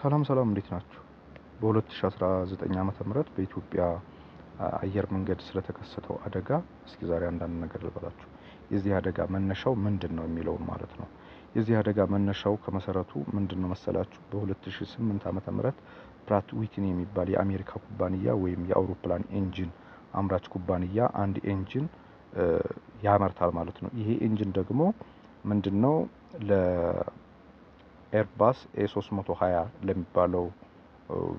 ሰላም ሰላም እንዴት ናችሁ? በ2019 ዓ ም በኢትዮጵያ አየር መንገድ ስለተከሰተው አደጋ እስኪ ዛሬ አንዳንድ ነገር ልበላችሁ። የዚህ አደጋ መነሻው ምንድን ነው የሚለውን ማለት ነው። የዚህ አደጋ መነሻው ከመሰረቱ ምንድን ነው መሰላችሁ? በ2008 ዓ ም ፕራት ዊትኒ የሚባል የአሜሪካ ኩባንያ ወይም የአውሮፕላን ኤንጂን አምራች ኩባንያ አንድ ኤንጂን ያመርታል ማለት ነው። ይሄ ኤንጂን ደግሞ ምንድን ነው ለ ኤርባስ ኤ320 ለሚባለው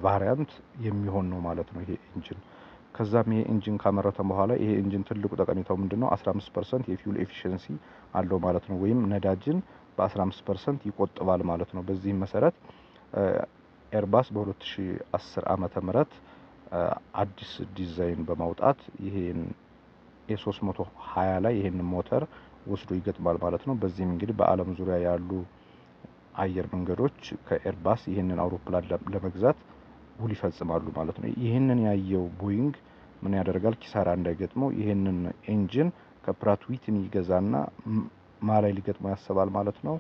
ቫሪያንት የሚሆን ነው ማለት ነው ይሄ ኢንጂን። ከዛም ይሄ ኢንጂን ካመረተም በኋላ ይሄ ኢንጂን ትልቁ ጠቀሜታው ምንድን ነው? 15 ፐርሰንት የፊውል ኤፊሽንሲ አለው ማለት ነው። ወይም ነዳጅን በ15 ፐርሰንት ይቆጥባል ማለት ነው። በዚህም መሰረት ኤርባስ በ2010 ዓመተ ምህረት አዲስ ዲዛይን በማውጣት ይሄን ኤ320 ላይ ይሄን ሞተር ወስዶ ይገጥማል ማለት ነው። በዚህም እንግዲህ በዓለም ዙሪያ ያሉ አየር መንገዶች ከኤርባስ ይህንን አውሮፕላን ለመግዛት ውል ይፈጽማሉ ማለት ነው። ይህንን ያየው ቦይንግ ምን ያደርጋል? ኪሳራ እንዳይገጥመው ይህንን ኢንጂን ከፕራት ዊትኒ ይገዛና ማላይ ሊገጥመው ያስባል ማለት ነው።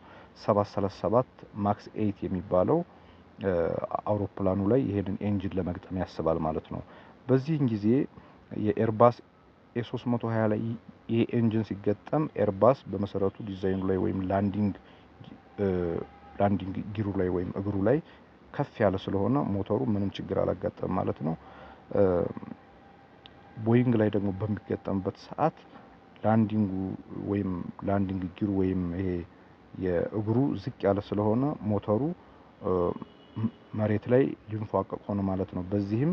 ሰባት ሰላሳ ሰባት ማክስ ኤይት የሚባለው አውሮፕላኑ ላይ ይህንን ኤንጂን ለመግጠም ያስባል ማለት ነው። በዚህን ጊዜ የኤርባስ ኤ320 ላይ ይሄ ኤንጂን ሲገጠም ኤርባስ በመሰረቱ ዲዛይኑ ላይ ወይም ላንዲንግ ላንዲንግ ጊሩ ላይ ወይም እግሩ ላይ ከፍ ያለ ስለሆነ ሞተሩ ምንም ችግር አላጋጠም ማለት ነው። ቦይንግ ላይ ደግሞ በሚገጠምበት ሰዓት ላንዲንጉ ወይም ላንዲንግ ጊሩ ወይም ይሄ የእግሩ ዝቅ ያለ ስለሆነ ሞተሩ መሬት ላይ ሊንፏቀቅ ሆነ ማለት ነው። በዚህም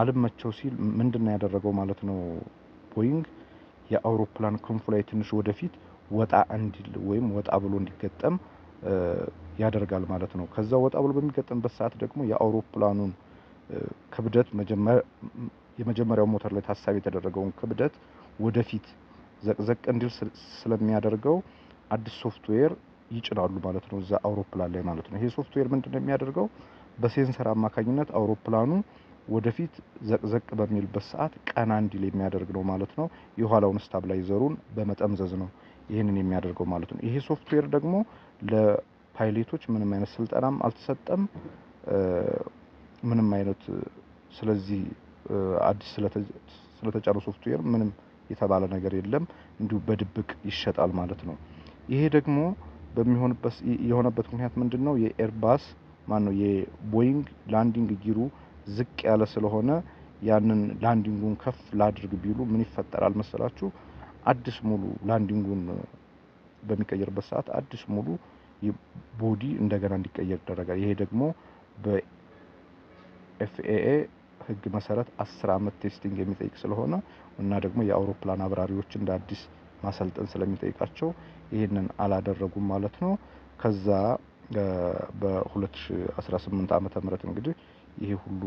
አልመቸው ሲል ነው ያደረገው ማለት ነው። ቦይንግ የአውሮፕላን ክንፉ ላይ ትንሽ ወደፊት ወጣ እንዲል ወይም ወጣ ብሎ እንዲገጠም ያደርጋል ማለት ነው። ከዛ ወጣ ብሎ በሚገጠምበት ሰዓት ደግሞ የአውሮፕላኑን ክብደት የመጀመሪያው ሞተር ላይ ታሳቢ የተደረገውን ክብደት ወደፊት ዘቅዘቅ እንዲል ስለሚያደርገው አዲስ ሶፍትዌር ይጭናሉ ማለት ነው፣ እዛ አውሮፕላን ላይ ማለት ነው። ይሄ ሶፍትዌር ምንድን ነው የሚያደርገው? በሴንሰር አማካኝነት አውሮፕላኑ ወደፊት ዘቅዘቅ በሚልበት ሰዓት ቀና እንዲል የሚያደርግ ነው ማለት ነው። የኋላውን ስታብላይዘሩን በመጠምዘዝ ነው ይህንን የሚያደርገው ማለት ነው። ይሄ ሶፍትዌር ደግሞ ለፓይሌቶች ምንም አይነት ስልጠናም አልተሰጠም። ምንም አይነት ስለዚህ አዲስ ስለተጫነው ሶፍትዌር ምንም የተባለ ነገር የለም። እንዲሁ በድብቅ ይሸጣል ማለት ነው። ይሄ ደግሞ በሚሆንበት የሆነበት ምክንያት ምንድን ነው? የኤርባስ ማን ነው የቦይንግ ላንዲንግ ጊሩ ዝቅ ያለ ስለሆነ ያንን ላንዲንጉን ከፍ ላድርግ ቢሉ ምን ይፈጠራል መሰላችሁ? አዲስ ሙሉ ላንዲንጉን በሚቀየርበት ሰዓት አዲስ ሙሉ ቦዲ እንደገና እንዲቀየር ይደረጋል። ይሄ ደግሞ በኤፍኤኤ ህግ መሰረት አስር አመት ቴስቲንግ የሚጠይቅ ስለሆነ እና ደግሞ የአውሮፕላን አብራሪዎች እንደ አዲስ ማሰልጠን ስለሚጠይቃቸው ይህንን አላደረጉም ማለት ነው። ከዛ በ2018 ዓ ምህረት እንግዲህ ይሄ ሁሉ